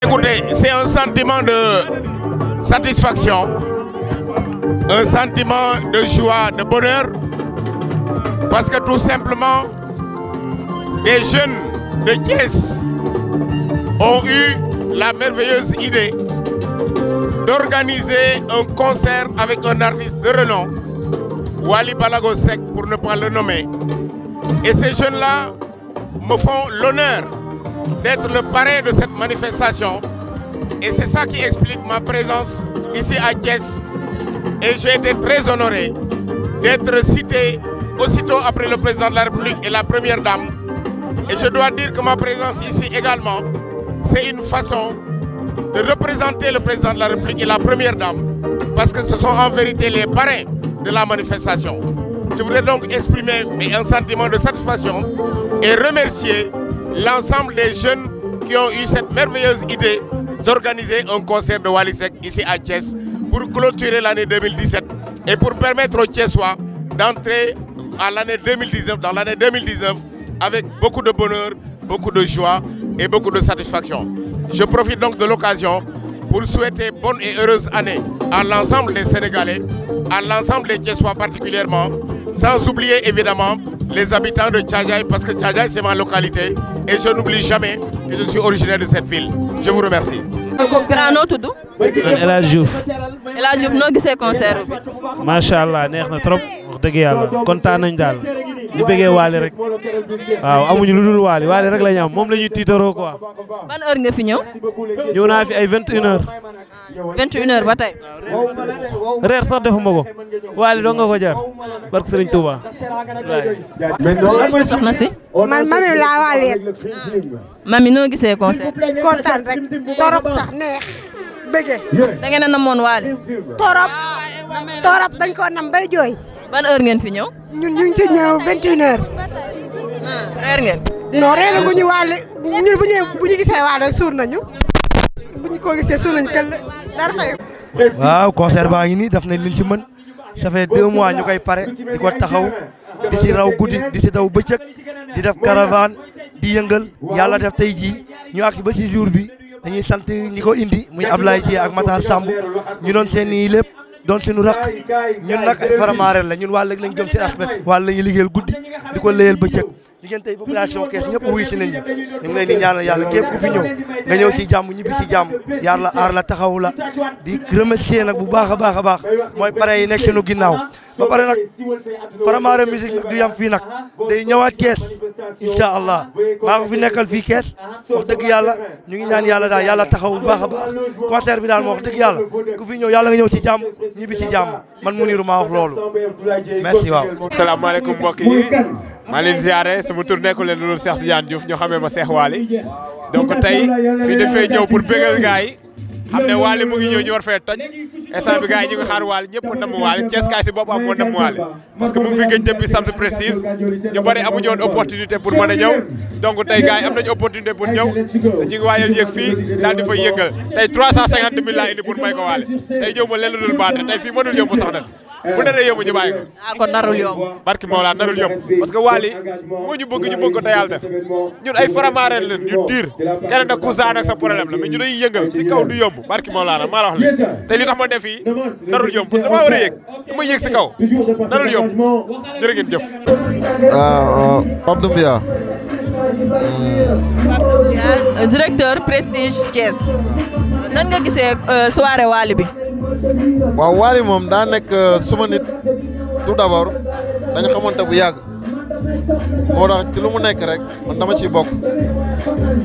Écoutez, c'est un sentiment de satisfaction, un sentiment de joie, de bonheur, parce que tout simplement, des jeunes de Thiès ont eu la merveilleuse idée d'organiser un concert avec un artiste de renom, Wally Balago Seck pour ne pas le nommer. Et ces jeunes-là me font l'honneur d'être le parrain de cette manifestation. Et c'est ça qui explique ma présence ici à Thiès. Et j'ai été très honoré d'être cité aussitôt après le président de la République et la première dame. Et je dois dire que ma présence ici également, c'est une façon de représenter le président de la République et la première dame. Parce que ce sont en vérité les parrains de la manifestation. Je voudrais donc exprimer un sentiment de satisfaction et remercier l'ensemble des jeunes qui ont eu cette merveilleuse idée d'organiser un concert de Wally Seck ici à Thiès pour clôturer pour permettre aux Thiessois d'entrer à l'année 2019 dans l'année 2019 avec beaucoup de bonheur, beaucoup de joie et beaucoup de satisfaction. Je profite donc de l'occasion pour souhaiter bonne et heureuse année à des Sénégalais, à l'ensemble des Thiessois particulièrement, sans les habitants de Tchadjaï, parce que Tchadjaï, c'est ma localité. Et je n'oublie jamais que je suis originaire de cette ville. Je vous remercie. grand noo tudd. Euh, El Hadj Diouf. El Hadj Diouf noo gisee concert bi. macha allah neex na trop wax dëgg yàlla kontaan nañ daal di bëggee waali rek waaw amuñu lu dul waali waali rek la am moom la ñuy tiitaroo quoi. ban heure nga fi ñëw. ñëw naa fi ay vingt une heures. 21 heures ba tey. reer sax defuma ko waale doo nga ko jaar barke Serigne Touba. soxna si. man mami laa waalee. mami noo gise concert. kontaan rek torop sax neex. bëggee. da ngeen a namoon waale. torop torop dañ ko nam bay jooy. ban heure ngeen fi ñëw. ñun ñu ngi ci ñëw 21 heures. Ah, reer ngeen. non reer na ñu waale ñun bu ñu bu ñu gisee waale suur nañu. bu ñu ko gisee suul nañu kenn dara fay waaw concert baa ngi nii daf nañ liñ si mën ça fait mois ñu koy pare di ko taxaw di si raw guddi di si daw bëccëg di def caravane di yëngal yàlla def tey jii ñu agsi ba si jour bi dañuy sant ñi ko indi muy laay Dieng ak Matar Samb ñu doon seen lépp doon suñu raq ñun nag ay faramaareel la ñun waa léegi lañ jëm si aspect waa la ñuy liggéeyal guddi di ko léyal bëccëg diggante population kees ñëpp wuy si nañu ñu ngi leen di ñaanal yàlla képp ku fi ñëw nga ñëw si jàmm ñibbi si jàmm yàlla aar la taxaw la di remercier nag bu baax a baax a baax mooy pare yi nekk suñu ginnaaw ba pare nag Faramaren musique nag du yam fii nag day ñëwaat kees incha allah maa ko fi nekkal fii kees wax dëgg yàlla ñu ngi ñaan yàlla daal yàlla taxaw bu baax a baax concert bi daal moo wax dëgg yàlla ku fi ñëw yàlla nga ñëw si jàmm ñibbi si jàmm man mu niru maa wax loolu merci salaamaaleykum mbokk maa leen ziare sama tur nekkul leen loolu Cheikh Tidiane Diouf ñu xamee ma Cheikh Waly donc tey fii dafay ñëw pour bégal gars yi xam ne Waly mu ngi ñëw ñu war fee toj instant bi xaar Waly ñëpp a namm Waly Thiès kaay si bopp am moo namm Waly parce que mu fi gëj depuis samedi précise ñu bëri amuñu woon opportunité pour mën a ñëw tey gars am nañu ñu ngi waajal yëg fii daal di fay yëngal tey 350 mille tey ñëw ma leen lu dul baate tey fii mënul bu naree yomb ñu bàyyi ko. ah narul yomb. barki Mawla narul yomb parce que Wally moo ñu bëgg ñu bëgg te yàlla def ñun ay faramaareen leen ñu diir keneen ak Kousa sa problème la mais ñu day yëngal ci kaw du yomb barki Mawla maa la te li tax ma def fii narul yomb parce que damaa war a yëg dama kaw narul yomb jërë ngeen jëf. ah, ah Pape Doumbia. directeur Prestige Thiès nan nga gisee euh, soirée Wally waaw Wally moom daa nekk euh, suma nit tout d'abord dañu xamante bu yàgg moo tax ci lu mu nekk rek man dama ciy bokk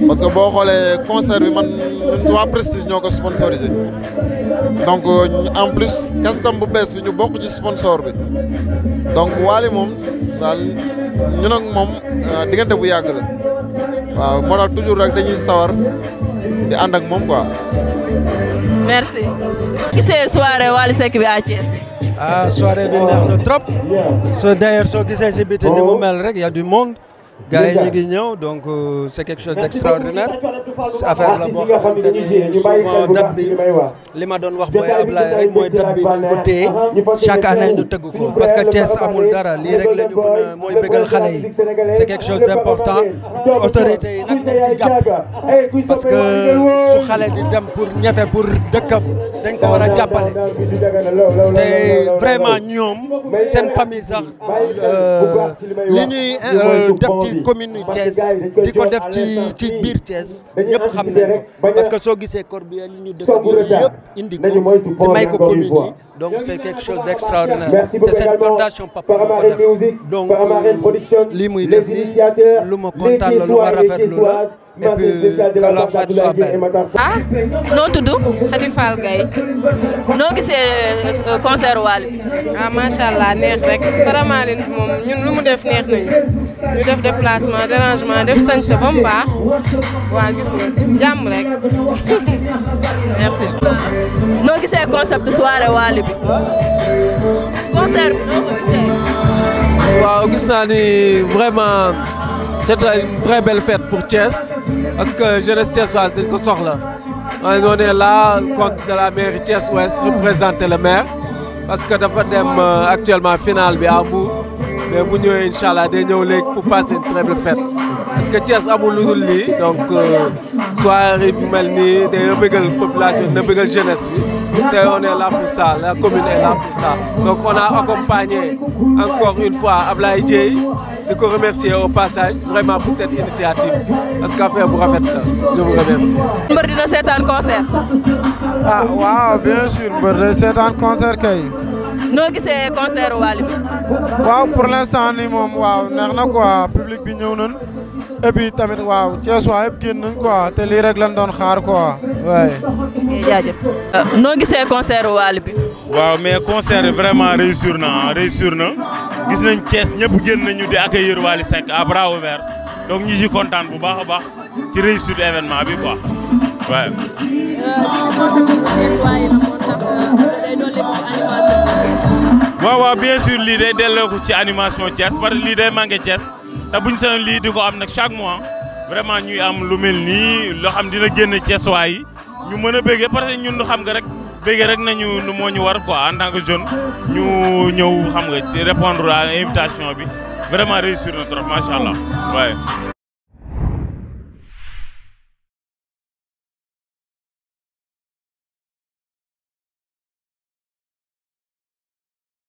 parce que boo xoolee concert bi man ñun waa Prestige ñoo ko sponsorisé donc euh, en plus kastam bu bees bi ñu bokk ci sponsor bi donc Wally moom daal ñun ak moom euh, diggante bu yàgg la waaw moo daal toujours rek dañuy sawar di ànd ak moom quoi. merci. gisee soirée Wally Seck bi à Thiès. ah soirée bi na trop. so d'ailleurs soo gisee si biti ni mu oh. mel rek y a du monde. gaa yi ñu ngi ñëw donc euh, c' est quelque chose d' extraordinaire affaire la boo xamante ni souvent date bi li ma doon wax mooy Ablaye rek mooy date bi ñu ko ñu tëgg ko parce a mooy bégal xale yi c' est chose important autorité yi nag dañ ci jàpp eh, parce que su xale di dem pour ñefe pour dëkkam dañ ko war a jàppale te vraiment ñoom seen famille sax euh, li ñuy euh, def ci commune Thiès di ko def ci biir Thiès ñëpp xam nañ parce que soo gisee corbillard yi ñu def yooyu yëpp indi ko te may ko commune yi donc c' est euh, muy lu ma kontaan la lu ma rafetlu la et la fête soit belle. ah noo tudd. Khady Fall Gaye. noo gisee euh, concert Wally. ah macha allah neex rek vraiment moom lu mu def neex nañu. ñu def déplacement dérangement def sañ sa ba waa gis nga jàmm rek merci. gisee concept soirée Wally bi. concert bi noo ko gisee. waaw gis naa ni vraiment c'était une très belle fête pour Thiès parce que jeunesse thiessoise dañ ko soxla on est là compte de la mairie Thiès Ouest représenter le maire parce que dafa dem euh, actuellement finale bi à mais bu ñëwee incha de day ñëw léegi pour passer une très parce que Thiès amul lu dul lii donc euh, soirée bi mel nii day bëggal population na bëggal jeunesse bi te on est là pour la commune est là pour donc on a accompagné encore une fois Ablaye Dieye di ko remercier au passage vraiment pour cette initiative parce que affaire bu rafet la je vous remercie. mbër ah waaw bien sûr mbër dina seetaan noo gisee concert Wally bi. waaw pour l'instant nii moom waaw neex na quoi public bi ñëw nañ et tamit waaw Thiès waa yëpp génn nañ quoi te lii rek lañ doon xaar ko waaye. jaajëf euh, noo gisee concert Wally waaw mais concert vraiment réussir na réussir na gis nañ cees ñëpp génn nañu di accueillir Wally Seck à bras ouvert donc ñu ci kontaan bu baax a baax ci réussite événement bi quoi waaw. Euh, waaw waaw bien sûr lii day delloo ci animation Thiès parce lii day manqué cees te buñ seen lii di ko am na chaque mois vraiment ñuy am lu mel nii loo xam dina génn Thiès waa yi ñu mën a béggee parce que xam nga rek béggee rek nañu nu moo war ko en tant que jeune ñu ñëw xam nga répondre invitation bi vraiment réussir na trop macha allah